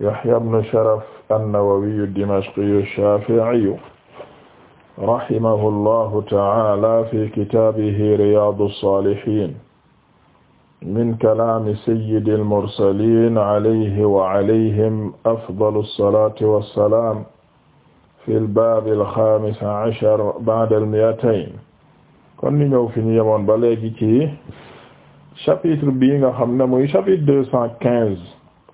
Yahya ibn Sharaf an-Nawawi ad-Dimashqi ash-Shafi'i rahimahu llahu ta'ala fi kitaabihi Riyaadu s-Saalihiin min kalaami sayyidil mursaliin alayhi wa alayhim afdalu s-salaati wa s-salaam fil baabil xaamis ashar ba'dal mi'atayn kon ni ñëw fi ñu yemoon ba léegi ci chapitre bii nga xam ne muy chapitre deux cent quinze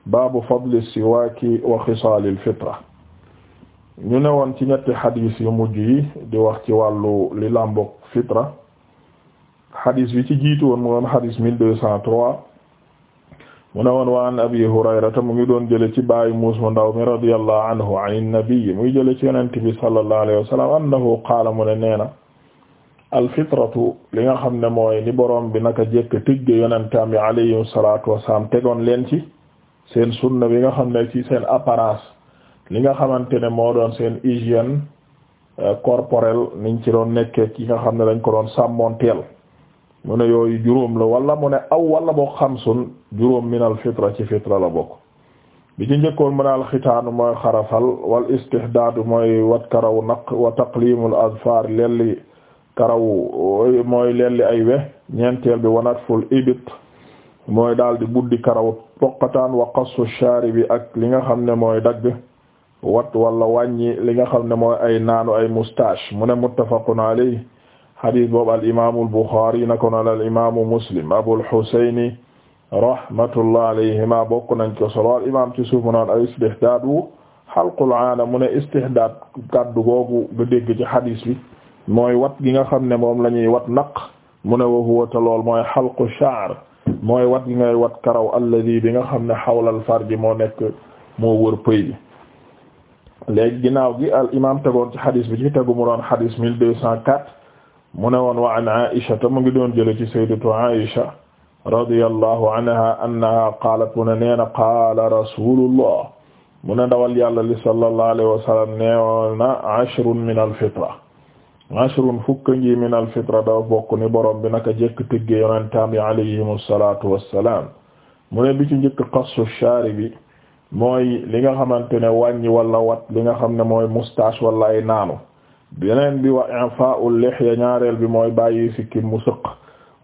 baabu fadli siwaaki wa xisaalil fitra ñu ne woon ci ñetti xadis yu mujj di wax ci wàllu li làmboog fitra xadis bi ci jiitu woon mu woon xadis mille deux cent trois mu ne woon wa an abi hurayrata mu ngi doon jële ci bàyyi muus mu ndaw mi radiyallahu anhu an mu ngi jële ci yonent bi sallallahu alayhi wa sallam annahu qaala mu ne li nga xam ne mooy ni boroom bi naka jekk tëgge yonentam yi alayhi salatu wasalam tegoon leen ci seen sunna bi nga xam ne ci seen apparence li nga xamante ne moo doon seen hygiène euh, corporelle niñ ci doon nekkee yi nga xam ne dañ ko doon sàmmonteel mu ne yooyu juróom la wala mu ne aw walla boo xamsun juróom minal fitra ci fitra la bokk bi ci njëkkoon mu ne alxitaanu mooy xarafal wal istihdaadu mooy wat karaw naq wa taqlimul azfar lelli karaw mooy lelli ay we ñeenteel bi wanat ful ibit mooy daal di buddi karaw poqataan wa qassu shaari bi ak li nga xam ne mooy dagg wat wala wàññi li nga xam ne mooy ay naanu ay moustache mu ne muttafaqun alayhi hadis boobu al imaamu al Buxaari na ko noon al imaamu Muslim Abul Husayni rahmatullah alayhima bokk nañ ko solo al imaam ci suuf mu noon al istihdaadu xalqul aana ne istihdaad kaddu googu nga dégg ci hadis bi mooy wat gi nga xam ne moom la ñuy wat naq mu ne wa huwa mooy xalqu sha'r mooy wat gi ngay wat karaw alladi bi nga xam ne xawlal farji moo nekk moo wër pëy bi léegi ginnaaw gi al imam tegoon ci xadis bi ci tegu mu doon xadis mille deux cent quatre mu ne woon wa an aisha ta mu ngi doon jële ci sayyidatu aisha radiyallahu anha annaha qaalat mu ne nee na qaala rasulullah mu ne ndawal yàlla li sallallahu alayhi wa sallam neewoon na ashrun min al fitra ashrun fukka ngi min alfitra dafa bokk ni borom bi naka jekk tëgge yonentam yi alayhim salatu wassalam mu ne bi ci njëkk qassu shaari bi mooy li nga xamante ne wàññi walla wat li nga xam ne mooy moustache wala ay naanu beneen bi wa infa'ul lihya ñaareel bi mooy bàyyi sikkim mu sëq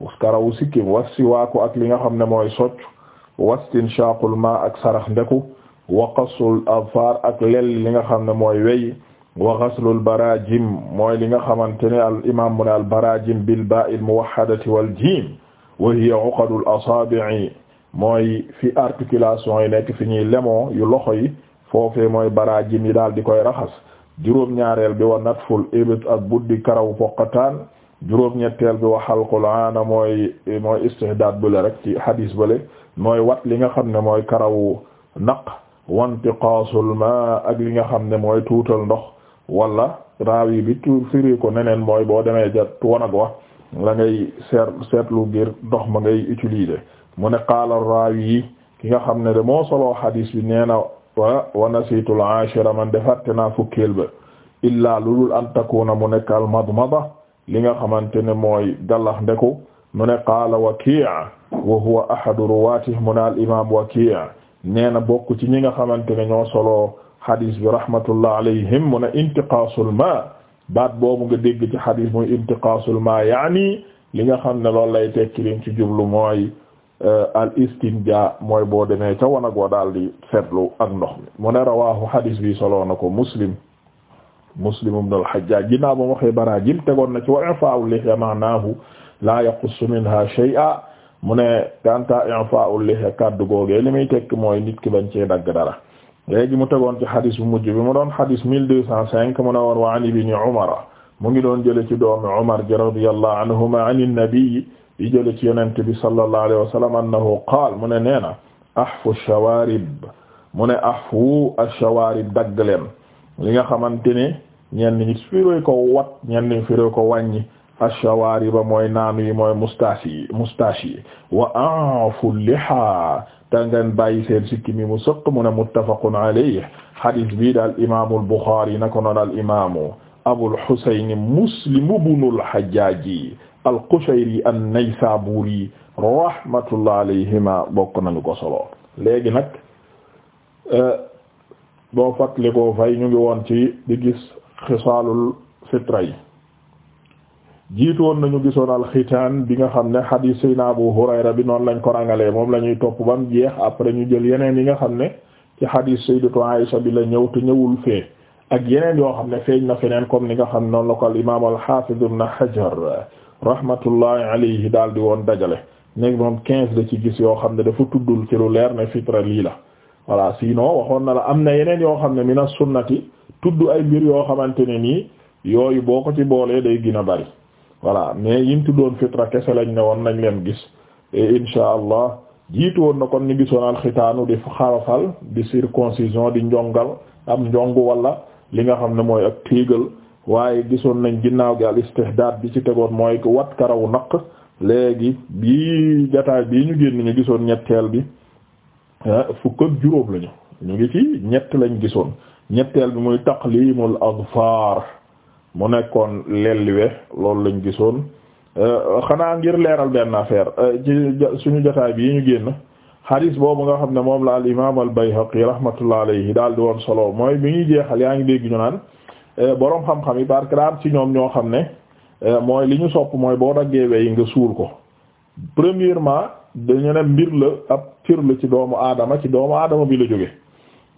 uskarawu sikkim was ak li nga xam ne mooy socc wastinshaqul ma ak sarax ndeku wa qassul azfar ak lel li nga xam ne mooy weyi wa ghaslul barajim mooy li nga xamante ne al imam mu ne al barajim bil ba'il muwahhadati wal jim wa hiya uqadul asabi'i mooy fi articulation yi nekk fi ñuy lemoo yu loxo yi foofee mooy barajim yi daal di koy raxas juróom-ñaareel bi wa natful ibt ak buddi karaw foqataan juróom-ñetteel bi wa halqul aana mooy mooy istihdaad bële rek ci hadis bële mooy wat li nga xam ne mooy karawu naq wa intiqaasul ma ak li nga xam ne mooy tuutal ndox wala raawi bi tu ko neneen mooy boo demee ja wanag wa la ngay seet seetlu ngir dox ma ngay utiliser mu ne qaala raawi ki nga xam ne de moo solo bi nee na wa wa nasiitu al-aashira man de fàtte naa fukkeel ba illaa lulul an takuna mu nekk al-madmada li nga xamante ne mooy gallax ndeku mu ne qaala Waki' wa huwa ahadu ruwaatihi mu ne al-imaam Waki' nee na bokk ci ñi nga xamante ne ñoo solo. xadis bi rahmatullah alayhim mu ne intiqaasul ma baat boobu nga dégg ci xadis muy intiqaasul ma yaani li nga xam ne loolu lay tekki liñ ci jublu mooy euh, al istinja mooy boo demee ca wanag wa daal di seetlu ak ndox mi mu ne rawaahu xadis bi soloo na ko muslim muslim ibn al hajjaj ginnaaw ba waxee baraa jim tegoon na ci wa i'faa'ul lihya ma'naahu laa yaqussu minha shay'a mu ne kanta i'faa'ul lihya kaddu googee li muy tekk mooy nit ki bañ cee dagg dara léegi mu tegoon ci xadis bu mujj bi mu doon xadis mille deux cent cinq mu ne woon wa an ibni umara mu ngi doon jële ci doomi umar ji radiyallahu anhuma an innabii di jële ci yonente bi sallallahu alayhi wa sallam annahu qaal mu ne nee na ahfu shawarib mu ne ahfu ash-shawarib dagg leen li nga xamante ne ñenn ñi firee ko wat ñenn ñi firee ko wàññi ash-shawariba mooy naanu yi mooy moustache yi moustache yi wa a'fu liha te ngeen bàyyi seen sikki mi mu sëq mu ne muttafaqun alayhi hadis bii daal imaamul Buxaari na ko noon al imaamu Abul Husayn Muslim ibnul Hajjaaji al-Qushayri an-Naysaabuuri rahmatullah alayhima bokk nañu ko solo léegi nag euh, boo fàttalikoo fay ñu ngi woon ci di gis xisaalul fitra yi jiitoon nañu gisoon alxitaan bi nga xam ne xadiis sayna Abu Hurayra bi noonu lañ ko rangalee moom la ñuy topp bam jeex après ñu jël yeneen yi nga xam ne ci xadiis sayyidatu Aisha bi la ñëw te ñëwul fee ak yeneen yoo xam ne feeñ na feneen comme ni nga xam ne noonu la ko al imaam al-Hafiz ibn Hajar rahmatullahi alayhi daal di woon dajale nekk moom quinze da ci gis yoo xam ne dafa tuddul ci lu leer ne fitra lii la voilà sinon waxoon na la am na yeneen yoo xam ne mina sunnati tudd ay mbir yoo xamante ne nii yooyu boo ko ci boolee day gën a bari voilà mais yim tuddoon fitra kese lañu ne woon nañ leen gis insha allah jiitu woon na kon ñu gisoon alxitaanu di xarafal di circoncision di njongal am njong walla li nga xam ne mooy ak téegal waaye gisoon nañ ginnaaw gi al istihdaad bi ci tegoon mooy wat karawu naq léegi bii jataay bii ñu génn ñu gisoon ñetteel bi ah, fukk juróom lañu ñu ngi ci ñett lañ gisoon ñetteel bi muy taqlimul adfar mu nekkoon lelliwe loolu lañ gisoon eh, xanaa ngir leeral benn affaire eh, ci suñu jotaay bi ñu génn hadis boobu nga xam ne moom la al bay al Bayhaqi rahmatullah alayhi daal di woon solo mooy bi ñuy jeexal yaa ngi dégg ñu naan eh, boroom xam-xam yi parce ci ñoom ñoo xam ne mooy li ñu sopp mooy boo daggee yi nga suul ko premièrement dañu ne mbir la ab fir la ci doomu aadama ci doomu aadama bi la jóge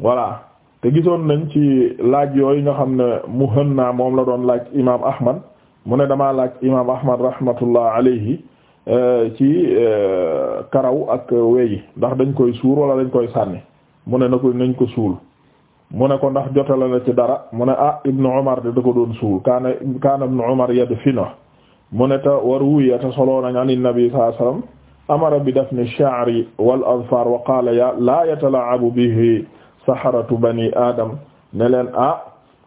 voilà te gisoon nañ ci laaj yooyu nga xam ne Muhanna moom la doon laaj imaam Ahmad mu ne damaa laaj imaam Ahmad rahmatullah alayhi e, ci e, karaw ak weyi ndax dañ koy suur wala dañ koy sànni mu ne na ko nañ ko suul mu ne ko ndax jotala na ci dara mu ne ah ibnu Umar de da ko doon suul kaana kaana ibnu Umar yadfinu mu ne ta waruwiya te soloo nañ an nabi sallallahu alayhi amara bi dafni sha'ri wal azfar wa qala ya la yatala'abu bihi saxaratu bani adam ne leen ah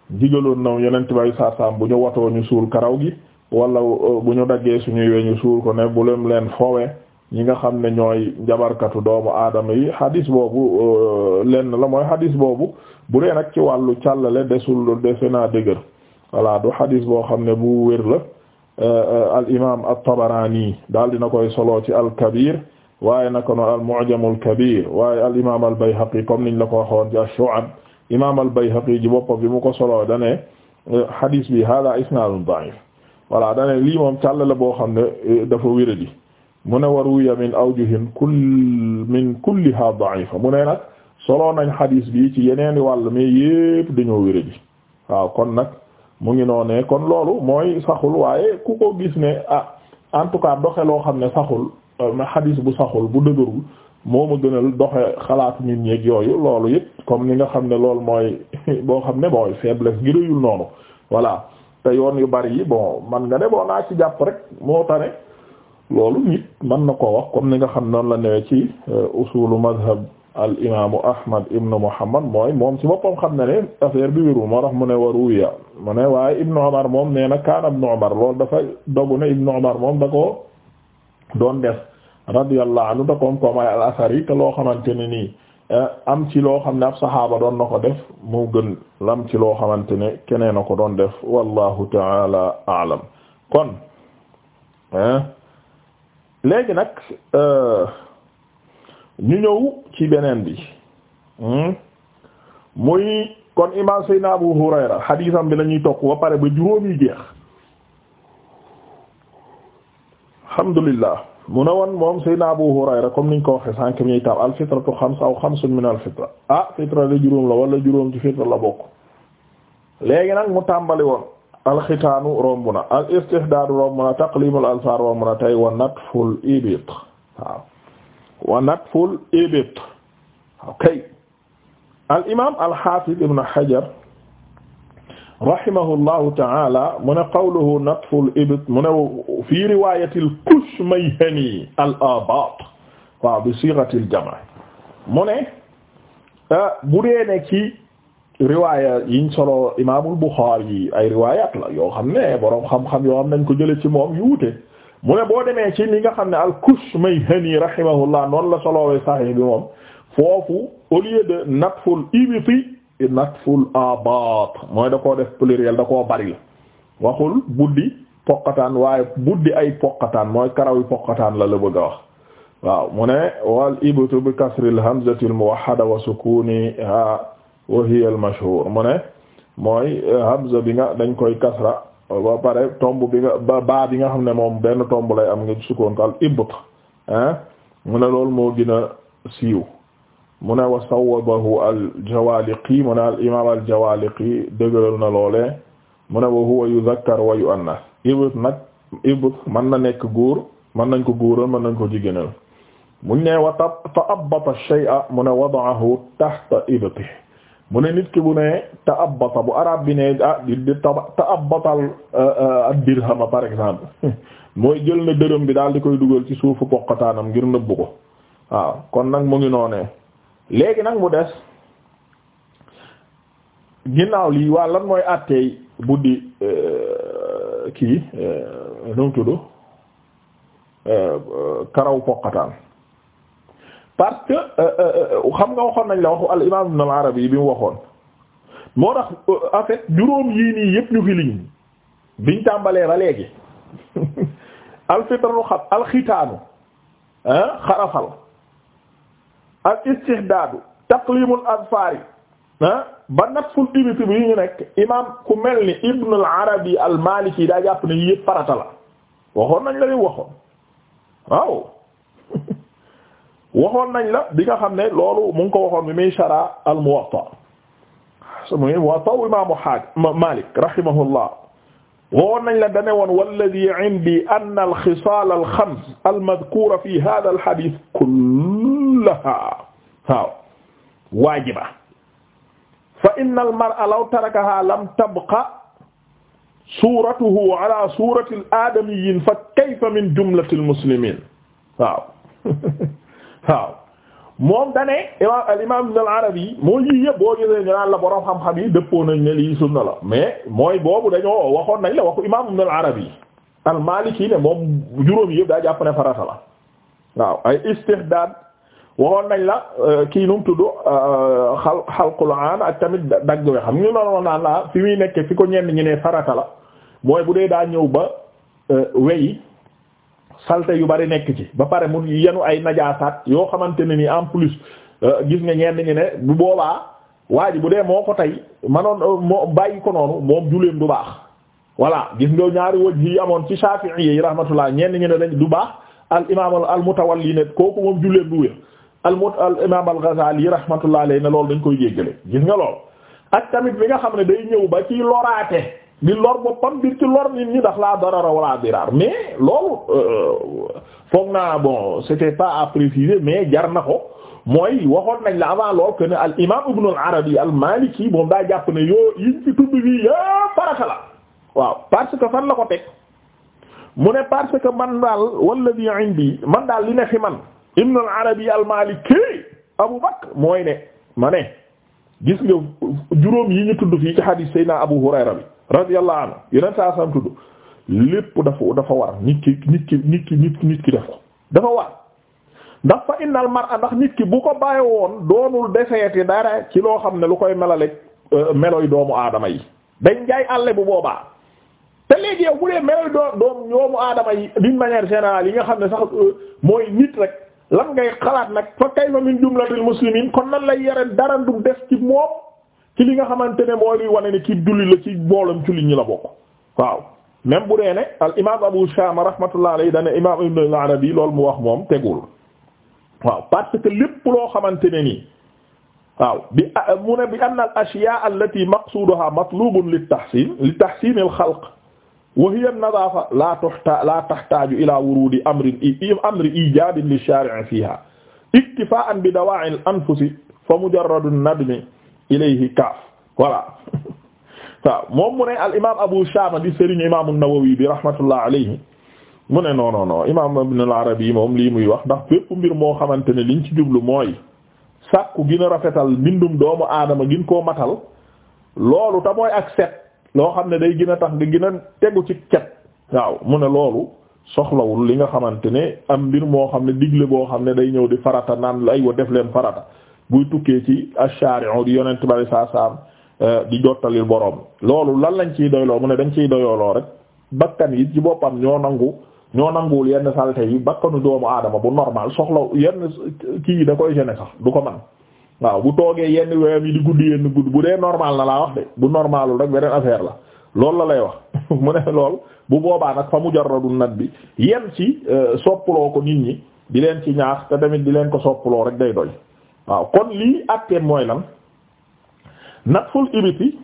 digaloon na yeneen tibay saasaam bu ñu watoo ñu suul karaw gi wala euh, bu ñu daggee suñuy weñu suul ko ne bu leen leen fowe ñi nga xam ne ñooy jabarkatu doomu aadama yi hadis boobu euh, lenn la mooy hadis boobu bu dee nag ci wàllu càllale desul dese naa dëgër voilà du hadis boo xam ne bu wér la euh, al imaam at-Tabarani daal dina koy solo ci al-Kabir. waaye naka noonu al-Mu'jam al-Kabir waaye al-imaam al-Bayhaqi comme niñ la ko waxoon ci ash-Shu'ab imaam al-Bayhaqi ji boppam bi mu ko solo dane eh, hadis bi hada isnaadun da'if voilà dane lii moom càll la boo xam ne eh, dafa wéradi mu ne wa ruwiya min awjuhin kull min kulliha da'ifa mu ne nag solo nañ hadis bi ci yeneeni wàll mais yépp dañoo wéradi waaw kon nag mu ngi noonee kon loolu mooy saxul waaye ku ko gis ne ah en doxe loo xam ne saxul na euh, xadis bu saxul bu dëgërul moo ma gënal doxe xalaat nit ñéeg yooyu loolu yëpp comme ni nga xam ne loolu mooy boo xam ne mooy faiblesse gi rëyul noonu voilà te yoon yu bari yi bon man nga ne boo naa ci jàpp rek moo tane loolu nit koo wax comme ni nga xam noonu la newee ci euh, usulu madhab al imaamu ahmad ibnu muhammad mooy moom ci boppam xam ne ne affaire bi wérul moo tax mu ne waruya mu ne waaye ibnu umar moom nee na kaana ibnu umar loolu dafa dogu ne ibnu umar moom da ko doon def radiyallahu anhu da koom koom ay al asari te loo xamante ne nii eh, am ci loo xam ne ab saxaaba doon na ko def moo gën lam ci loo xamante ne keneen na ko doon def wallahu taala alam kon eh, léegi nag eh, ñu ñëw ci beneen bi hmm? muy kon imam Seydina Abu Hurayra xadiisam bi la ñuy ba pare ba juróom yi jeex alhamdulillah mu ne woon moom Seydina Abu Hurayra comme niñ ko waxee sànq mi taal al fitratu xams aw xamsun min al fitra ah fitra la juróom la wala juróom ci fitra la bokk léegi nag mu tàmbali woon alxitaanu romb na al istihdaadu romb na taqlimul alfaar romb na tey wa natful ibit waaw wa natful ibit okay al imaam al xaafid ibn Hajar rahimahullahu ta'ala mu ne qawluhu natful ibt mu ne fi riwayatil kushmayhani al abat waaw bi sighatil jama' mu ne ah, bu dee ne ci riwaaya yiñ solo imaamul Buxaari yi ay riwayat la yoo xam ne boroom xam-xam yoo xam nañ ko jële ci moom yu wute mu ne boo demee ci li nga xam ne al kushmayhani rahimahullah noonu la solowee sahih bi moom foofu au lieu de natful ibti natful abaat mooy da ko def pluriel da ko bari la waxul buddi poqataan waaye buddi ay poqataan mooy karawi poqataan la la bëgg a wax waaw mu ne wal ibtu bi kasril hamzati al muwahhada wa sukuniha wa hiya al mu ne mooy eh, hamza bi nga dañ koy kasra ba pare tomb bi nga baa bi nga xam ne moom benn tomb lay am nga sukkoon ko al ibt ah. mu ne loolu moo gën a siiw mu ne wa sawabahu al-Jawaliqi mu ne al-imam al-Jawaliqi dëgëral na loole mu ne wa huwa yuzakkar wa yu'annas ibut nag ibut mën na nekk góor mën nañ ko góoral mën nañ ko jigéenal muñ ne wa ta'abbata shay'a mu ne wada'ahu tahta ibtihi mu ne nit ki bu ne ta'abbata bu arab bi ne ah di di ta'abbatal eh, eh, ad-dirham par exemple mooy jël na dërëm bi daal di koy dugal ci suufu poqataanam ngir nëbbu ko waaw kon nag mu ngi noonee léegi nag mu des ginnaaw lii waa lan mooy àtteey buddi euh, kii euh, nu mu euh, karaw poqataan parce que xam nga waxoon nañ la waxu al imaam Ibn al Arabi bi mu waxoon moo tax en juróom yii nii yëpp ñu fi liñ biñ tàmbalee ba léegi alfitranu xat alxitaanu ah xarafal al istihdaadu taqlimul adfaari ah ba natful ibiti bi ñu nekk imaam ku mel ni Ibn al Arabi al Maliki daa jàpp ne yëpp farata la waxoon nañ la li waxoon waaw waxoon nañ la bi nga xam ne loolu mu ngi ko waxoon bi muy shara al Muwatta muy Muwatta imaamu Hakim Malik rahimahullah waxoon nañ la dane woon walladhi indi anna al xisaal al xams al madkuura fi hadha al hadith kull kullaha waaw waajiba fa inna almara law tarakaha lam tabqa suratuhu ala surati al aadamiyin fa kayfa min jumlati al muslimin moom dane imam al imam ibn al arabi moo yii la borom xam-xam yi dëppoo nañ ne lii la mais mooy boobu dañoo waxoon nañ la waxu imam ibn al arabi ne moom juróom yëpp daa jàpp ne farata ay istihdaad waxoon nañ la euh, kii nu mu tudd euh, xal xalqul aan ak tamit dagg we xam ñu la noonu naan la fi muy nekkee fi ko ñenn ñi ne farata la mooy bu dee daa ñëw ba euh, weyi saleté yu bari nekk ci ba pare mu yenu ay najaasaat yoo xamante ne nii en plus gis nga ñenn ñi ne bu boobaa waa ji bu dee moo ko tey manoon moo bàyyi ko noonu moom juleem du baax voilà gis nga ñaari waj yi amoon ci Shafi'i yi rahmatullah ñenn ñi ne dañ du baax al imaam al mutawalli ne kooku moom juleem du wér al mut al imaam al Ghazali rahmatullah alayhi ne loolu dañ koy jéggale gis nga lool ak tamit bi nga xam ne day ñëw ba ci loraate di lor boppam di ci lor nit ñi ndax laa darara wala diraar mais loolu euh, foog naa bon c'était pas à préciser mais jar na ko mooy waxoon nañ la avant lool que ne al imaam Ibn al Arabi al Maliki moom daa jàpp ne yoo yiñ ci tudd yi yëpp farata la waaw parce que fan la ko teg mu ne parce que man daal walladi indi man daal li ne man. Ibn al-Arabi al-Maliki Abu Bakr mooy ne ma ne gis nga juróom yi ñu tudd fii ci hadith Seydina Abu Hurayra bi radiyallahu anhu yeneen saa sam tudd lépp dafa war nit ki nit ki nit ki nit ki def ko dafa war ndax fa innal mar'a ndax nit ki bu ko bàyyi woon doonul deseeti dara ci loo xam ne lu koy melale euh, meloy doomu aadama yi dañ jaay àll bu boobaa te léegi yow bu dee meloy doom doomu aadama yi d'une manière générale yi nga xam ne sax euh, mooy nit rek lan ngay xalaat nag fa kayfa min jumlatil muslimin kon nan lay yare dara du def ci moom ci li nga xamante ne mooy li wane ne ci dulli la ci boolam ci li ñu la bokk waaw même bu dee ne al imaam Abu Shama rahmatullah alayhi dane imaam Ibn al-Arabi loolu mu wax moom tegul waaw parce que lépp loo xamante ne nii waaw bi mu ne bi anna al ashyaa allati maqsuduha matlubun li tahsin li tahsin al xalq wa hiya an-nadaafa laa tuhta laa tahtaaju amri amri ijaabin lish-shaari'i fiihaa bi dawaa'i al fa mujarradu nadmi ilayhi kaaf voilà moom mu ne Abu Shaama di sëriñ imaam nawawi bi rahmatullah alayhi mu ne non imaam Ibn al-Arabi moom muy wax ndax moo xamante ne liñ ci jublu mooy sàkku gën rafetal mbindum doomu aadama gin koo matal loolu ta mooy ak loo xam ne day gën a tax nga gën a tegu ci ket waaw mu ne loolu soxlawul li nga xamante ne am mbir moo xam ne digle boo xam ne day ñëw di farata naan ay wa def leen farata buy tukkee ci ashari'u di yonent bari saa saam eh, di jottali boroom loolu lan lañ ciy doyloo mu ne dañ ciy doyooloo rek bakkan yi ci boppam ñoo nangu ñoo nanguwul yenn salte yi bakkanu doomu aadama bu normal soxla yenn kii yi da koy gêner sax du ko man waaw bu toogee yenn wewam yi di guddi yenn guddi bu dee normal na laa wax de bu normalul rek beneen affaire la loolu la lay wax mu ne lool bu boobaa nag fa mujarradu nat bi yem ci euh, soppaloo ko nit ñi di leen ci ñaax te tamit di leen ko soppaloo rek day doy waaw kon lii àtteem mooy lan natful ibiti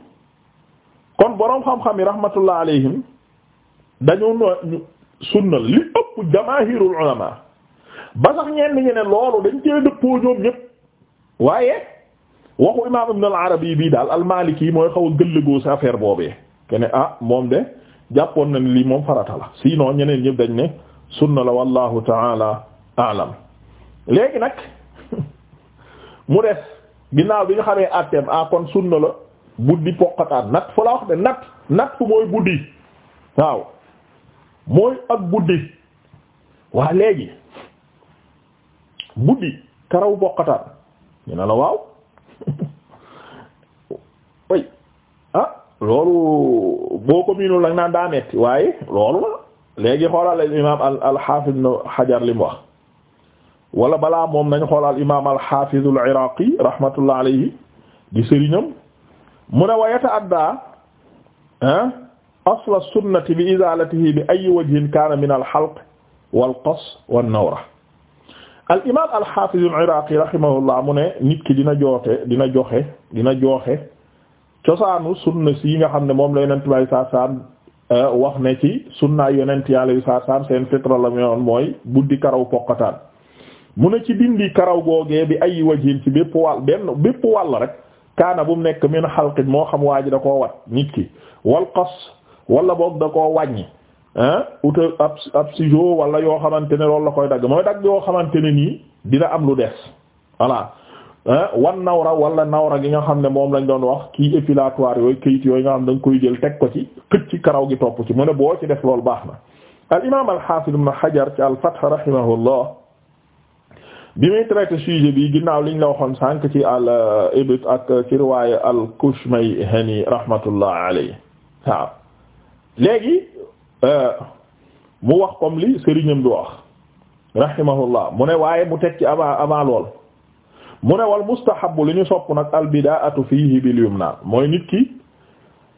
kon boroom xam-xam yi rahmatullah alayhim dañu no sunnal li ëpp jamaahirul ulama ba sax ñenn ñi ne loolu dañ cee dëppoo ñoom ñépp waaye waxu imaam ibn al arabi bii daal al maliki mooy xaw a gëllëgoo sa affaire boobee kene ah moom de jàppoon na ni lii moom farata la ñeneen ñëpp dañ ne sunna la wallahu taala alam léegi nag mu des ginnaaw bi ñu xamee atteem ah kon sunna la buddi poqataan nat fa la wax de nat nat fu mooy buddi waaw mooy ak buddi waa léegi buddi karaw poqataan ñu ne la waaw oy ah loolu boo ko miinul nag naan daa metti waaye loolu la léegi xoolal al imaam al al xaafiz ibn Hajar li mu wax wala balaa moom nañ xool al imaam al xaafiz al Iraaqi rahmatullah alayhi di sëriñam mu ne wa yata'adda ah asla sunnati bi izaalatihi bi ayyi wajhin kaana min al xalq wal qas wan nawra al imaam al xaafiz iraaqi rahimahullah mu ne nit ki dina joote dina joxe dina joxe cosaanu sunna si nga xam ne moom la yonent bi saa saam euh, wax ne ci sunnaay yonent yàlla yu saa saam seen fitra la yoon mooy buddi karaw poqataan mu ne ci dindi karaw googee bi ay wajin ci bépp wàll benn bépp wàll rek kaana bu mu nekk min xalqin moo xam waa ji da koo wat nit ki wal qas wala boog da koo wàññi. uta ab ab ciseau wala yoo xamante ne loolu la koy dagg mooy dagg yoo xamante ne nii dina am lu des voilà wan nawra wala nawra gi nga xam ne moom lañ doon wax kii épilatoire yooyu kayit yooyu nga xam da nga koy jël teg ko ci xëcc ci karaw gi topp ci mu ne boo ci def loolu baax na al imam al hafiz ibn hajar ci al fath rahimahullah bi muy traité sujet bi ginnaaw liñ la waxoon sànq ci al euh, ibit ak ci riwaaya al kushmayhani rahmatullah alayhi waaw léegi Euh, mu wax comme li sëriñam bi wax rahimahullah mu ne waaye mu teg ci avant avant lool mu ne wal mustahabu li ñu sopp nag al bidaatu fiihi bil yumna mooy nit ki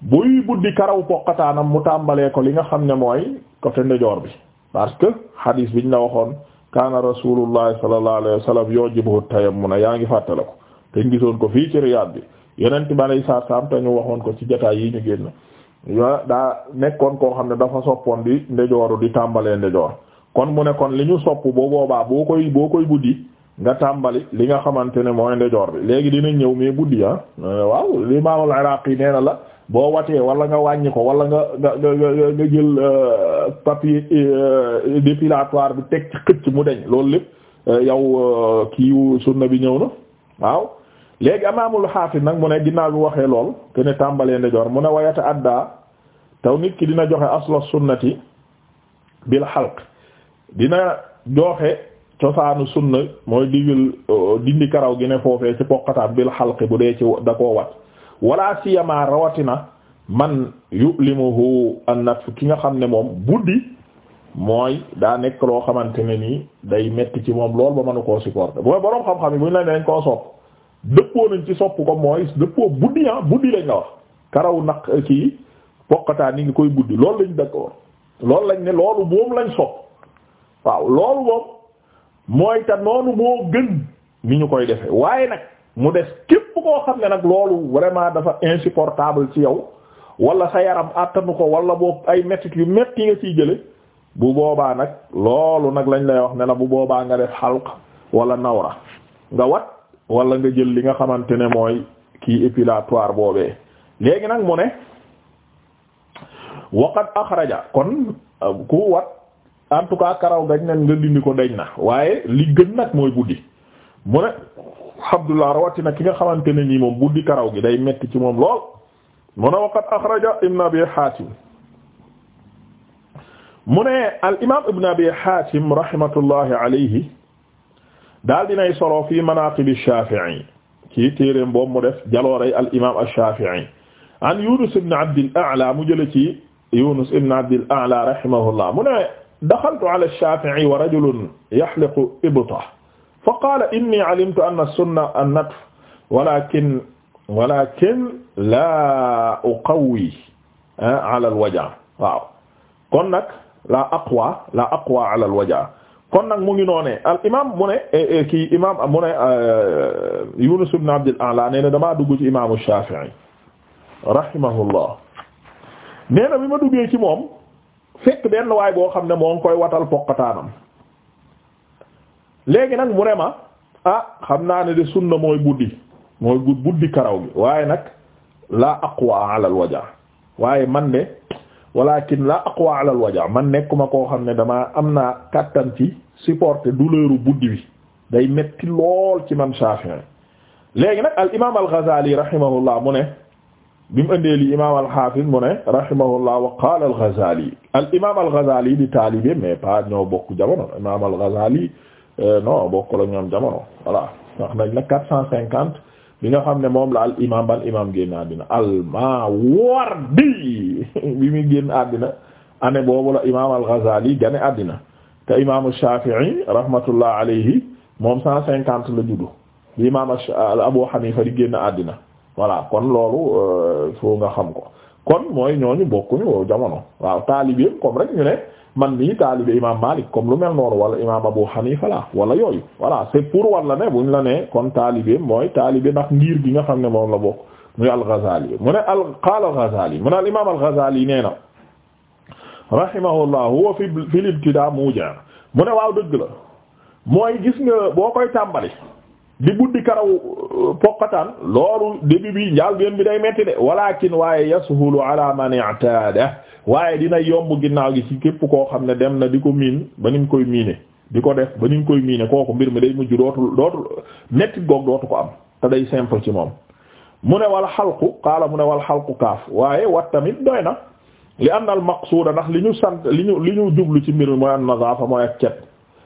buy buddi karaw poqataanam mu tàmbalee ko li nga xam ne mooy côté ndejoor bi parce que hadis bi ñu la waxoon kaana rasulullah sallallahu alayhi wa sallam yujibu tayammuna yaa ngi fàttale ko te gisoon ko fii ci Riyad bi yeneen ci ma lay saar saam te ñu waxoon ko ci jotaay yi ñu génn yo daa nekkoon koo xam ne dafa soppoon di ndejooru di tàmbalee ndejoor kon mu ne kon li ñu sopp boo boobaa boo koy boo koy buddi nga tàmbali li nga xamante ne mooy ndejoor bi léegi dina ñëw mais buddi ah euh, waaw li maamul yi nee na la boo watee wala nga wàññi ko wala nga nga nga nga jël euh, papier euh, dépilatoire bi teg ci xëcc mu deñ loolu lépp yow kiiwu sunna bi ñëw na waaw léegi imaamul xaafis nag mu ne ginnaaw bi waxee lool te ne tàmbalee ndijoor mu ne wayata addaa taw nit ki dina joxe asla sunnati bil xalq dina joxe cosaanu sunna mooy digil dindi karaw gi ne foofee ci poqataat bil xalq bu dee ci da koo wat wala siyamaa rawatina man yulimuhu an natf ki nga xam ne moom buddi mooy daa nekk loo xamante ne nii day metti ci moom lool ba mënu koo supporter mooy boroom xam-xam yi bu ñu la dañ koo sopp dëppoo nañ ci sopp ko mooy dëppoo buddi ah buddi lañ la wax karaw naq eh, kii poqataan yi ngi koy buddi loolu lañ d'accord loolu lañ ne loolu moom lañ sopp waaw loolu moom mooy te noonu moo gën ni ñu koy defee waaye nag mu des képp koo xam ne nag loolu vraiment dafa insupportable ci yow wala sa yaram àttanu ko wala boo ay mettit yu metti nga ciy jële bu boobaa nag loolu nag lañ lay wax ne la bu boobaa nga def xalq wala nawra nga wat wala nga jël li nga xamante ne mooy kii épilatoire boobee léegi nag mu ne waqad axraja kon euh, ku wat en karaw gañ nan nga dindi ko dañ na waaye li gën nag mooy buddi mu ne Abdullah rawatina ki nga xamante ne nii moom buddi karaw gi day metti ci moom lool mu ne waqad axraja ibn abi hatim mu ne al imam ibn abi hatim rahmatullahi alayhi daal dinay solo fii manaaqibi Shaafi'i ci téereem boobu mu def jalooray al imaam ash-Shaafi'i an Yunus ibn Abd al-A'la mu jële ci Yunus ibn Abd al-A'la rahimahullah mu ne daxaltu ala ash-Shaafi'i wa rajulun yahliqu ibtah fa qaala inni alimtu anna as-sunna an-natf walakin walakin laa uqawwi ah, ala al-wajh waaw kon nag laa aqwa laa aqwa ala al-wajh kon nag mu ngi noonee al imaam mu ne eh, eh, kii imaam mu ne eh, Yunus ibn Abd al-A'la nee na damaa dugg ci imaamu Shafi'i rahimahullah nee na bi ma duggee ci moom fekk benn waay boo xam ne moo ngi koy watal poqataanam léegi nag mu ne ma ah xam naa ne de sunna mooy buddi mooy buddi karaw gi waaye nag laa aqwa ala waaye man de. walakin la aqwa ala al waja man nekkuma koo xam ne damaa am naa kàttan ci supporter douleur u buddi bi day metti lool ci man Shafi'i léegi nag al imaam al Ghazali rahimahullah mu ne bi mu ëndee li imaam al Hafiz mu ne rahimahullah wa qaala al Ghazali al imaam al Ghazali di taalibe mais pas ñoo bokku jamono imaam al Ghazali euh, non bokk la ñoom jamono voilà wax nañ la quatre cent cinquante bi nga xam ne moom la al imam ban imam génn àddina al Mawardi bi muy génn àddina année boobu la imam al Ghazali gane àddina te imam Shafi'i rahmatullah alayhi moom cent cinquante la juddu bi imam Abu Hanifa di génn àddina voilà kon loolu euh, foo nga xam ko kon mooy ñooñu bokkuñu jamono waaw taalibeem comme rek ñu ne man nii taalibe imam Malik comme lu mel noonu wala imam Abu Hanifa la wala yooyu voilà c'est pour wala ne buñ la ne kon taalibe mooy taalibe ndax ngir gi nga xam ne moom la bokk muy al-Ghazali mu ne al qaala al-Ghazali mu ne al imam al-Ghazali nee na rahimahullah huwa fi fi l-ibtidaa muja mu ne waaw dëgg la mooy gis nga boo koy tàmbali di buddi karaw euh, poqataan loolu début bi njaal benn bi day metti de walakin waaye yasahulu ala man i'tada waaye dina yomb ginnaaw gi ci képp koo xam ne dem na di ko miin ba ni koy miine di ko def ba ni mu koy miine kooku mbir mi day mujj dootul dootul metti goog dootu ko am te day simple ci moom mu ne wal xalqu qaala mu ne wal xalqu kaaf waaye wat tamit doy na li am na al maqsuuda ndax li ñu sant li ñu li ñu jublu ci mbir mi mooy an nazaafa mooy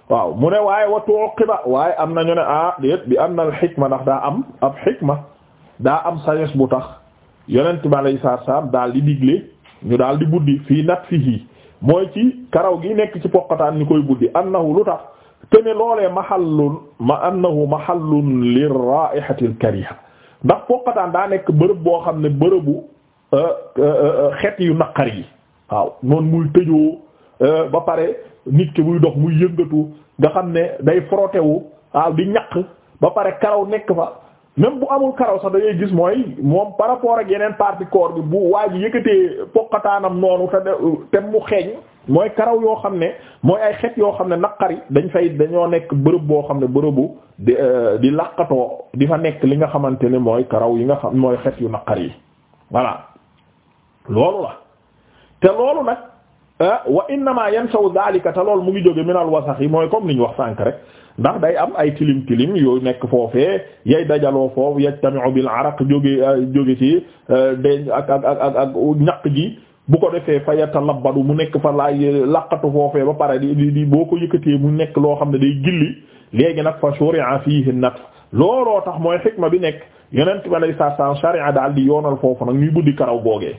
waaw mu ne waaye wa tuqiba waaye am nañu ne ah déet bi am na al xikma ndax daa am ab xikma daa am sagesse bu tax yonent bi alayhi salaam daal di digle ñu daal di buddi fii natfihi mooy ci karaw gi nekk ci poqataan ñu koy buddi annahu lu tax te ne loolee mahallun ma annahu mahallun lir raihati al kariha ndax poqataan daa nekk bërëb boo xam ne bërëbu euh, euh, euh, xet yu naqar yi waaw noonu muy tëjoo Euh, ba pare nit ki muy dox muy yëngatu nga xam ne day frotter wu waaw di ñaq ba pare karaw nekk fa même bu amul karaw sax dangay gis mooy moom par rapport ak yeneen partie corps bu waa ji yëkkatee poqataanam noonu te te mu xeeñ mooy karaw yoo xam ne mooy ay xet yoo xam ne naqari dañ fay dañoo nekk bërëb boo xam ne bërëbu di euh, di làqatoo di fa nekk li nga xamante ni mooy karaw yi nga xam mooy xet yu naqar yi voilà loolu la te loolu nag Ah, wa innama saw daalika te lool mu ngi jóge minal wasax yi mooy comme li ñu wax sànk rek ndax day am ay tilim tilim yooyu nekk foofee yay dajaloo foofu yajtami'u bi araq jóge ah, jóge ci ah, de ak ak ak ak ñaq ji bu ko defee fa yatalabadu mu nekk fa laay eh, laqatu foofee ba pare di di di boo ko yëkkatee mu nekk loo xam ne day gilli léegi nag fa shuri'a fiihi nat looloo tax mooy xikma bi nekk yeneen ma lay sa sa shari'a daal di yoonal foofu nag ñuy buddi karaw boogee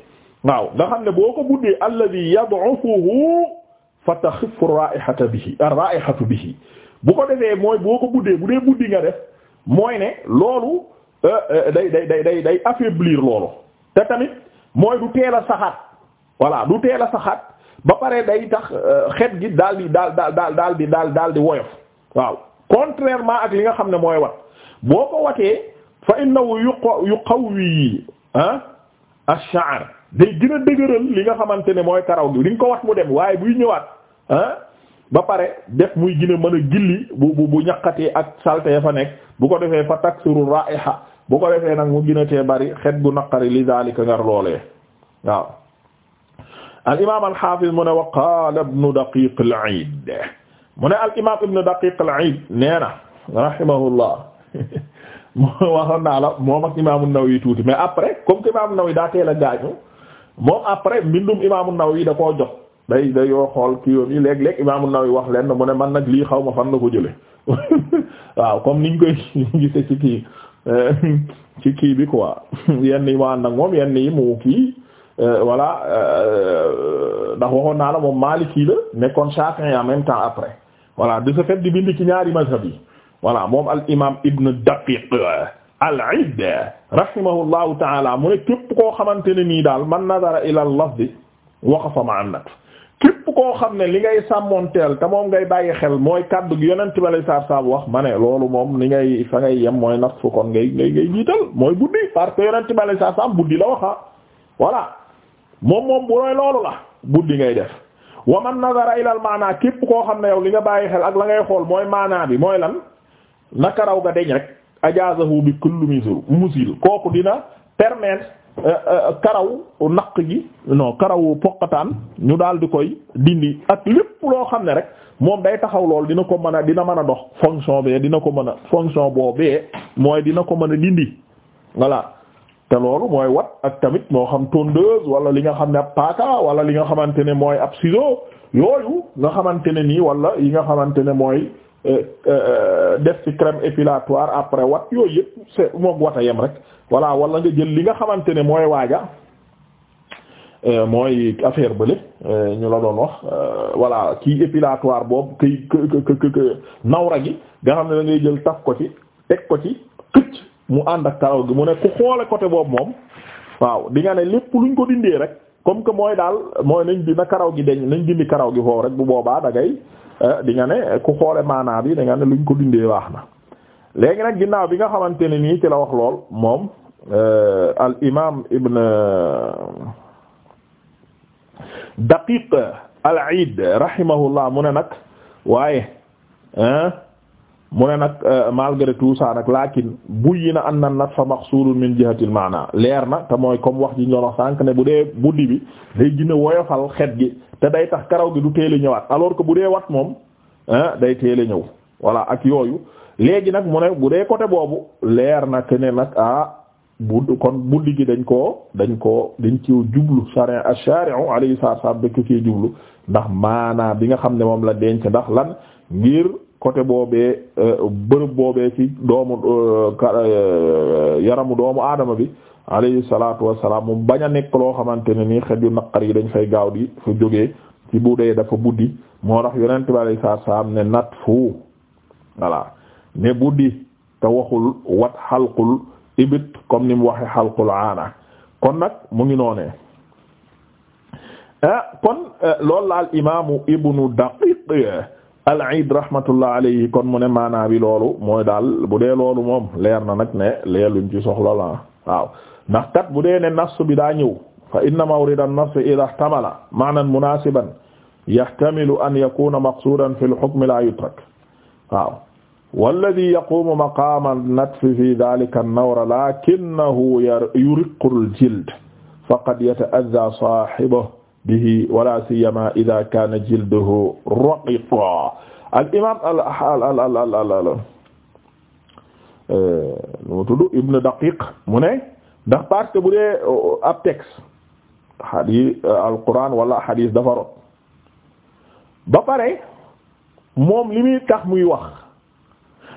waaw nga xam ne boo ko buddee alladi yad'ufuhu fa taxifu raihata bihi raihatu bihi bu ko defee mooy boo ko buddee bu dee buddi nga mooy ne loolu euh, euh, day day day day day affaiblir loolu te tamit mooy du teel a saxaat voilà du teel a saxaat ba pare day tax euh, xet gi daal di daal di daal daal di woyof waaw contrairement ak li nga xam ne mooy wat boo ko watee fa innahu yuqawwi ah ash-sha'r day gën a li nga xamante ne mooy karaw gi li nga ko wax mu dem waaye buy ñëwaat ah ba pare def muy gën mën a gilli bu bu bu ak salte ya fa nekk bu ko defee fa taksiru raiha bu ko defee nag mu gën a tee bari xet gu naqari li daalika ngar loolee waaw al imaam al xaafiz mu ne wa qaala ibnu daqiq al iid mu ne al imaam ibnu daqiq al iid nee na rahimahullah moo waxoon naa la moom ak imaam an-Nawawi tuuti mais après comme que imaam an-Nawawi daa teel a moom après mbindum imaamu yi da koo jox day day yoo xool kii yoon yi léeg-léeg imaamu Nawawi wax leen mu ne man nag lii xaw ma fan la ko jële waaw comme niñ koy gisee ci kii euh, ci kii bi quoi yenn yi mu ànd ak moom yenn yi mu kii euh, voilà euh, ndax waxoon naa la moom Maliki la nekkoon Shafi'i en même temps après voilà de ce fait di bind ci ñaari mazhab yi voilà moom al imaam Ibn Daqiq al-Iid rahimahullahu taala mu ne képp koo xamante ne nii daal man nadara ila al-lafzi waqafa ma'a an-nat képp koo xam ne li ngay sàmmonteel te moom ngay bàyyi xel mooy kaddu gi yonent bi saa saabu wax ma ne loolu moom li ngay fa ngay yem mooy nag fu kon ngay ngay jiital mooy buddi parce que yonent bi saa saabu buddi la waxa voilà moom moom bu doy loolu la buddi ngay def. wa man nazara ilal maanaa képp koo xam ne yow li nga bàyyi xel ak la ngay xool mooy maanaa bi mooy lan naka raw ga deñ rek ajazahu bi kulli musil musil kooku dina permettre euh, euh, karaw naq gi non karawu poqataan ñu daal di koy dindi ak lépp loo xam ne rek moom day taxaw lool dina ko mën a dina mën a dox fonction bee dina ko mën a fonction boobee mooy dina ko mën a dindi voilà te loolu mooy wat ak tamit moo xam tondeuse wala li nga xam ne ab paaka wala li nga xamante ne mooy ab ciseau yooyu nga xamante ne nii wala yi nga xamante ne mooy Euh, euh, def ci crème épilatoire après wat yooyu yëpp c'est wat a yem rek voilà wala nga jël li nga xamante ne mooy waaja euh, mooy affaire bële ñu la doon wax voilà kii épilatoire boobu kay nawra gi nga xam ne da ngay jël taf ko ci teg ko ci xëcc mu ànd ak karaw gi mu ne ku xoole côté boobu moom waaw di nga ne lépp luñ ko dindee rek comme que mooy daal mooy nañ dina karaw gi deñ nañ dindi karaw gi foofu rek bu boobaa da Eh, di nga ne eh, ku xoole maanaa bi da nga ne luñ ko dindee waax na léegi nag ginnaaw bi nga xamante ne nii ci la wax lool moom eh, al imam ibn daqiq al iid rahimahullah mu ne nag waaye mu ne nag euh, malgré tout ça nag lakin buyyina anna natfa maqsurun min jihatil maana leer na te mooy comme wax ji ñu wax sànq ne bu dee buddi bi day gën a woyofal xet gi te day tax karaw gi du teel a ñëwaat alors que bu dee wat moom day teel a ñëw voilà ak yooyu léegi nag mu ne bu dee côté boobu leer nag que ne nag ah budd kon buddi gi dañ ko dañ ko dañ ciw jublu charin ashari'u alayhi salaam dañ ko ciy jublu ndax maanaa bi nga xam ne moom la denc ndax lan ngir. côté boobee euh, bërëb boobee ci doomu euh, euh, yaramu doomu aadama bi alayhi salaatu salaam mu bañ a nekk loo xamante ne nii yu naqar yi dañ fay gaaw di fa jógee ci bu dee dafa buddi moo tax yonent bi alayhi salaatu wassalaam ne nat fu voilà ne buddi te waxul wat xalqul ibit comme ni mu waxe xalqul aana kon nag mu ngi noone eh, kon eh, loolu laal imaamu ibnu daqiq al-Iid rahmatullah alayhi kon mu ne maanaa bi loolu mooy daal bu dee loolu moom leer na nag ne leeluñ ci soxla la waaw ndax kat bu dee ne nafs bi daa ñëw fa inna mawrida an-nafs idha ihtamala ma'nan munasiban yahtamilu an yakuna maqsudan fi al-hukm la yutrak waaw walladhi yaqumu maqama an-natf fi dhalika an-nawra lakinnahu yuriqqu al-jild faqad yata'adha sahibuhu bihi wala siyama idha kana jilduhu raqiqa al imam al al al al lu euh, tudd Ibn Daqiq mu ne ndax parce que bu dee euh, ab texte xadis euh, alquran wala xadis dafa rot ba pare moom li muy tax muy wax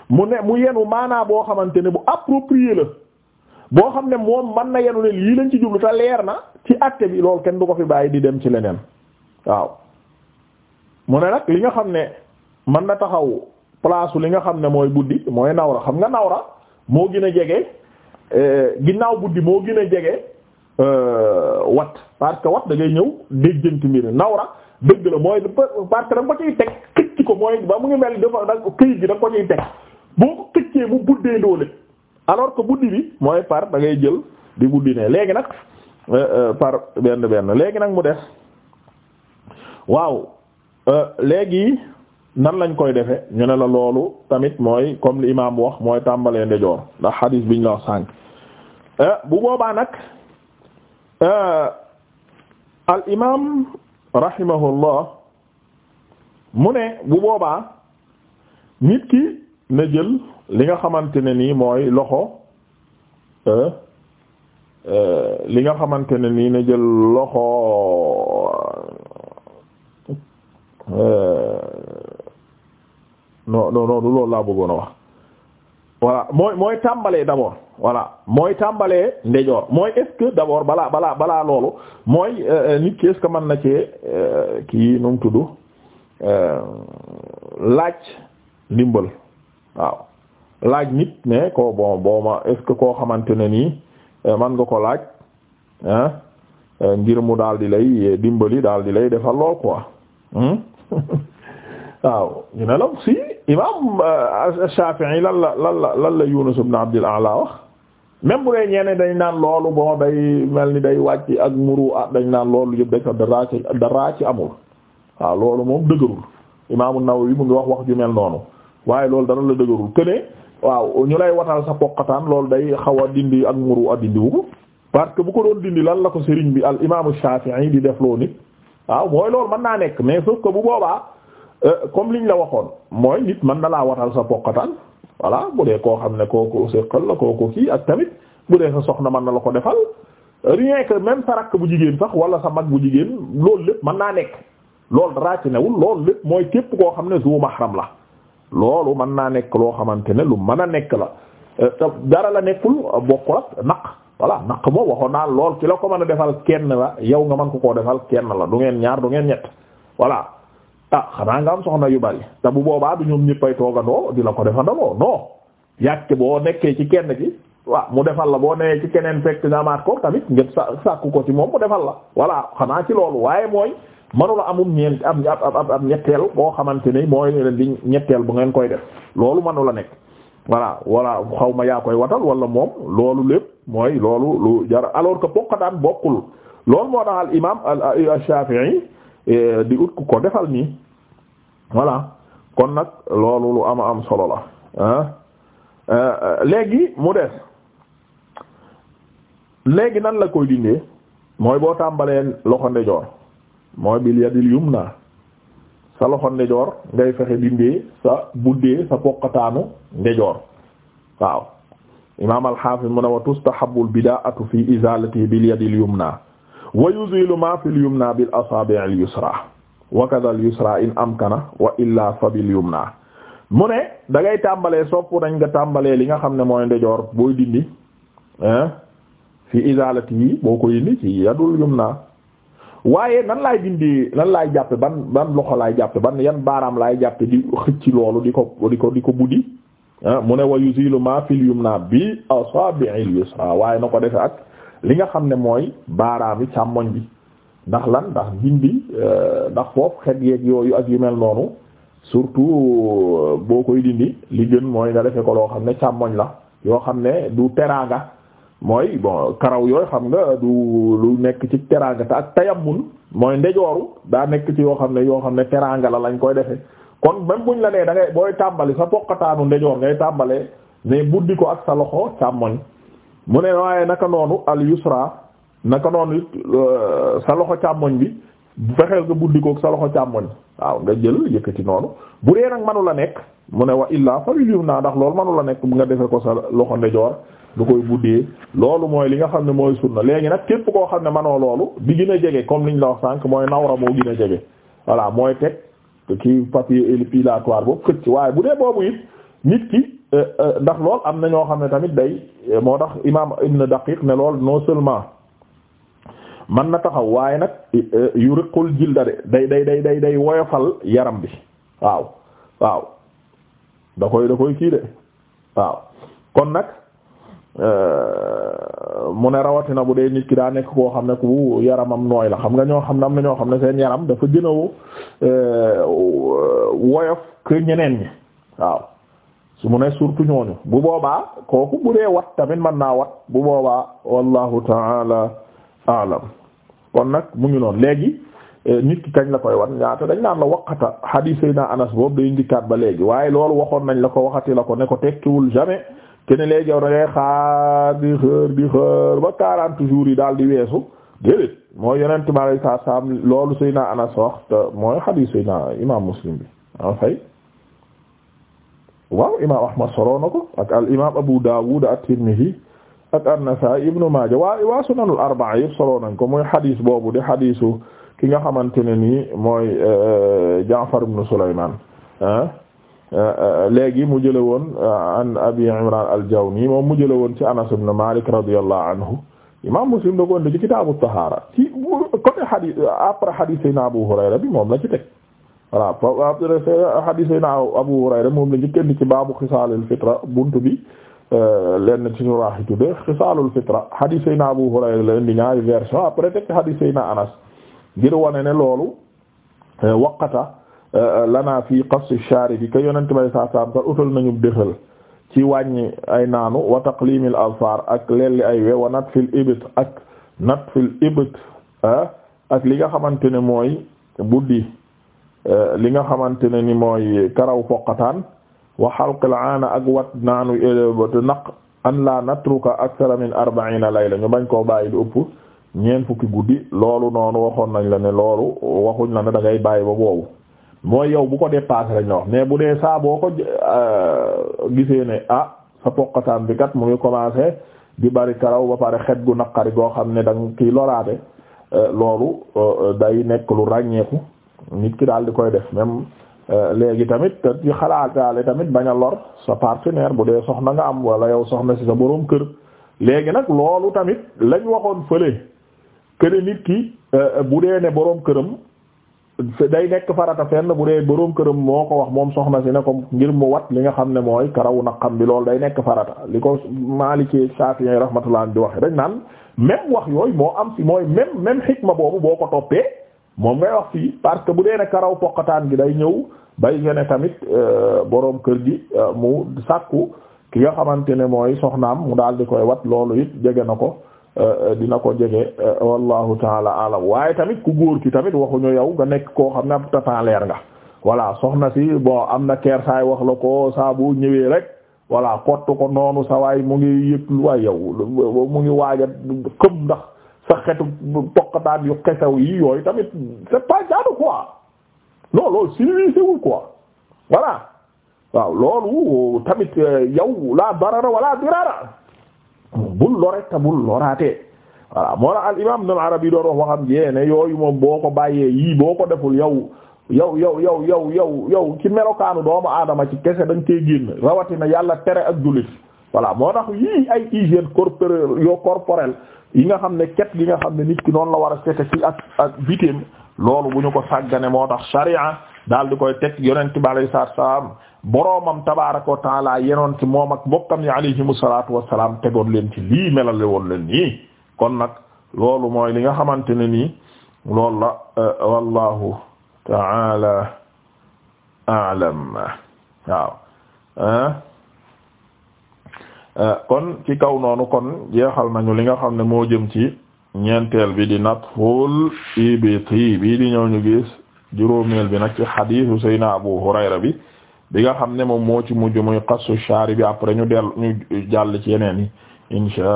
mu ne mu yenu maanaa boo xamante ne bu approprié la boo xam ne moom mën na yenu ne lii lañ ci jublu te leer na ci acte bi loolu kenn du ko fi bàyyi di dem ci leneen waaw mu ne nag li nga xam ne mën na taxaw place li nga xam ne mooy buddi mooy nawra xam nga nawra moo gën a jege eh, ginnaaw buddi moo gën a jege eh, wat parce que wat da ngay ñëw dégganti mbir nawra dëgg la mooy parce que da nga ko ciy teg xëcc ko mooy ba mu ngi mel dafa da këyit gi da ko ciy teg boo ko xëccee mu buddee ndoole alors que buddi bi mooy par da ngay jël di buddi ne léegi nag euh, euh, par benn benn léegi nag mu def waaw euh, léegi nan lañ koy defe ñu ne la loolu tamit mooy comme li imaam wax mooy tàmbalee ndejoor ndax xadiis biñ la wax sànq bu boobaa nag al imaam rahimahullah mu ne bu boobaa nit ki na jël li nga xamante ne nii mooy loxo euh, euh, li nga xamante ne nii na jël loxo euh, non non non loolu laa bëggoon a wax voilà mooy mooy tàmbalee d'abord voilà mooy tàmbalee ndejoor mooy est-ce que d'abord balaa balaa balaa loolu mooy nit ki est-ce que mën na ci kii nu mu tudd laaj ndimbal waaw laaj nit ne ko bon boo koo xamante ne nii eh, man nga ko laaj ah ngir mu daal di lay dimbali daal di lay defal loo quoi hmm? waaw ñu ne la si imam eh, Shafi'i lan la lan la lan la Yunus ibn Abdil A'la wax même bu dee ñeene dañ naan loolu bon day mel ni day wàcc ak muru ah dañ naan loolu yëpp dañ ko daraa ci daraa ci amul waaw loolu moom dëgërul imaamu Nawawi mu ngi wax wax ju mel noonu waaye loolu dana la dëgërul que ne waaw ñu lay watal sa poqataan loolu day xaw a dindi ak muru a dindi ko parce que bu ko doon dindi lan la ko sëriñ bi al imaamu Shafi'i di def loo nit waaw mooy loolu mën naa nekk mais sauf ko bu boobaa euh, comme liñ la waxoon mooy nit man na laa watal sa poqataan voilà bu dee koo xam ne kooku seqal la ko kii ak tamit bu dee sa soxna man na la ko defal rien que même sa rakk bu jigéen sax wala sa mag bu jigéen loolu lépp mën naa nekk loolu daraa ci loolu lépp mooy képp koo xam ne zu mahram la loolu mën naa nekk loo xamante ne lu mën a nekk la euh, te dara la nekkul bokkul ak naq voilà naq moom waxoon naa lool ki la ko mën a defal kenn la yow nga mën ko koo defal kenn la du ngeen ñaar du ngeen ñett voilà ah xanaa nga am soxna yu bari te bu boobaa du ñoom ñëppay toogandoo di la ko defandoo noo yàgg boo nekkee ci kenn gi waaw mu defal la boo nee ci keneen fekk nga amaat ko tamit nga sàkku ko ci moom mu defal la voilà xanaa ci loolu waaye mooy. manula amum ñeent am ab ab ñetteel boo xamante ni mooy leen di ñetteel bu ngeen koy def loolu la nekk voilà voilà xaw ma yaa koy watal wala moom loolu lépp mooy loolu lu jar alors que pokataan bokkul loolu moo tax al imam al Shafi'i eh, di ut ko defal nii voilà kon nag loolu lu ama am solo la ah, eh, léegi mu des léegi nan la koy dindee mooy boo tàmbalee loxo ndejoor mooy bil yadil yumna sa loxo ndejoor ngay fexe dindee sa buddee sa poqataanu ndejoor waaw imaam al mu ne wa al-bidaa'atu fi izaalati bil yadil yumna wa yuzilu ma fil yumna bil asaabi' al-yusra wa al-yusra in amkana wa illa fa bil yumna mu ne da ngay tàmbalee sopp nañ nga tàmbalee li nga xam ne mooy ndejoor booy dindi fi izaalati boo ko dindi ci yadul yumna waaye nan laay dindi nan laay jàppe ban ban loxo laay jàppe ban yan baaraam laay jàppe di xëcc loolu di ko di ko di ko buddi ah, mu ne wa yuzilu ma fil yumna bi asabi'il yusra waaye na ko defe ak li nga xam ne mooy baaraami càmmoñ bi ndax lan ndax dindi euh, ndax foofu xet yéeg yooyu ak yu mel noonu surtout euh, boo koy dindi li gën mooy nga defe ko loo xam ne càmmoñ la yoo xam ne du teraanga mooy bon karaw yooyu xam nga du lu nekk ci teraanga te ak tayammun mooy ndejooru daa nekk ci yoo xam ne yoo xam ne teraanga la lañ koy defee kon même buñ la nee da booy tàmbali sa poqataanu ndejoor ngay tàmbalee mais buddi ko ak sa loxo càmmoñ mu ne waaye naka noonu al yusra naka noonu euh, sa loxo càmmoñ bi fexeel nga buddi koog sa loxo càmmoñ waaw nga jël yëkkati noonu bu dee nag manu la nekk mu ne wa illaa fa yu naa ndax lool manu la nekk nga defe ko sa loxo ndejoor lu koy buddee loolu mooy li nga xam ne mooy na léegi nag képp koo xam ne manoo loolu bi gën a jege comme liñ la wax sànq mooy nawra moo gën a jege voilà mooy teg ki papier épilatoire boobu xëcc waaye bu dee boobu it nit ki euh, euh, ndax lool am na ñoo xam ne tamit day moo tax imam Ibn Daqiq ne lool non seulement man na taxaw waaye nag e, yu riqul jilda de day day day day day woyofal yaram bi waaw waaw da koy da koy kii de waaw kon nag e, mu ne rawatina bu dee nit ki daa nekk koo xam ne ku yaramam nooy la xam nga ñoo xam ne am na ñoo xam ne seen yaram dafa gën a e, woyof que ñeneen ñi waaw su mu ne surtout ñooñu bu boobaa kooku bu dee wat tamit mën naa wat bu boobaa wallahu taala alam kon nag mu ngi noonu léegi eh, nit ki kañ la koy wan ñaata dañ naan la waqata hadith sayna anas boobu day ndikkaat ba léegi waaye loolu waxoon nañ la ko waxati la ko ne ko tekkiwul jamais ke ne léegi yow da di xër di xër ba quarante jours yi daal di weesu déedéet mooy yonent bi alay saa saam loolu sayna anas wax te mooy hadith sayna imam muslim bi ah, waaw imam ahmad solo na ko ak al imam abu dawud at-tirmidhi ak an-Nasaa'i ibnu Maaja waa waa arba'a yëpp solo nañ ko mooy xadis boobu di xadisu ki nga xamante ne nii mooy euh, Jaafar ibnu Sulaymaan ah, euh, léegi mu jële woon euh, an Abi Imraan al-Jawni moom mu jële woon ci Anas ibnu Maalik radiyallahu anhu imaam Muslim da ko kitaabu tahaara ci côté xadis Abu Hurayra bi moom la ci teg voilà après Abu Hurayra moom la njëkk indi ci baabu fitra buntu bi Euh, lenn ci ñu raax yi tudde xisaalul Abu Hurayra la indi ñaari version après teg hadis sayna Anas ngir wane ne loolu euh, waqata euh, lana fi qas ash bi ka yonent bay saa saam sax utal nañu dëxal ci wàññi ay naanu wa taqlimil alfaar ak lelli ay we wa nat fil ibit ak nat fil ibit ah, ak li nga xamante ne mooy buddi li nga xamante ne ni mooy karaw foqataan wa xalqil aana ak wat naanu eh, naq an la natruka akthara min arba'ina lay ñu bañ koo bàyyi lu ëpp ñeent fukki guddi loolu noonu waxoon nañ la ne loolu waxuñ la ne da ngay bàyyi ba boobu mooy yow bu ko dépassé lañ la wax mais bu dee saa boo ko eh, gisee ne ah sa poqataan bi kat mu ngi commencé di bari karaw ba pare xet gu naqari goo xam ne da nga kii loraate eh, loolu day nekk lu ràññeeku nit ki daal di koy def même léegi tamit di xalaataale tamit bañ a lor sa partenaire bu dee soxna nga am wala yow soxna si sa boroom kër léegi nag loolu tamit lañ waxoon fële këri nit ki euh, bu dee ne boroom këram day nekk farata fenn bu dee boroom këram moo ko wax moom soxna si ne ko ngir mu wat li nga xam ne mooy karawu na xam bi loolu day nekk farata li ko Maliki Shafi'i rahmatullah di waxe dañ naan même wax yooyu moo am si mooy même même xikma boobu boo ko toppee moom ngay wax fii parce que bu dee ne karaw poqataan gi day ñëw bay gene tamit euh, boroom kër gi euh, mu sàkku ki nga xamante ne mooy soxnaam mu daal di koy wat loolu it jege na ko euh, dina ko jege wallahu taala alam waaye tamit ku góor ki tamit waxuñu yow nga nekk koo xam ne ab tatan leer nga voilà soxna si bon am na ker kersaay wax la ko saabu ñëwee rek voilà kottu ko noonu sa waay mu ngi yëg waay yow mu ngi waaja këm ndax sa xetu toqataan yu xesaw yi yooyu tamit c'est pas jaadu quoi non loolu civilisé wu quoi voilà waaw loolu tamit euh, yow laa darara wala dirara bul lore te bul loraatee voilà moo la al imam Ibn Arabi doon wax waxam jeene yooyu moom boo ko bàyyee yii boo ko deful yow yow yow yow yow yow yow ci melokaanu doomu aadama ci kese da nga koy génn rawatina yàlla tere ak jullit voilà moo tax yii ay hygiène corporelle yoo corporelle yi nga xam ne ket gi nga xam ne nit ki noonu la war a sete ci ak ak bitim loolu bu ñu ko sàggane moo tax sharia daal di koy teg yonent bi alayhi salaatu wa salaam boroomam tabaaraka wa yenoon ci moom ak bokkam yi alayhimu salaatu wa salaam tegoon leen ci lii melale woon leen nii kon nag loolu mooy li nga xamante ne nii loolu la eh, wallahu taala a'lam waaw eh? Euh, kon ci kaw noonu kon jeexal nañu li nga xam ne moo jëm ci ñeenteel bi di natful ibti bi di ñëw ñu gis juróomeel bi nag ci xadiisu sayna Abu Hurayra bi bi nga xam ne moom moo ci mujj muy qassu shaari bi après ñu dell ñu jàll ci yeneen yi insha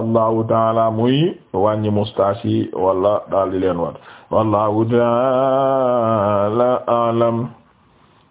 allahu taala muy wàññi moustache yi wala daal di leen wat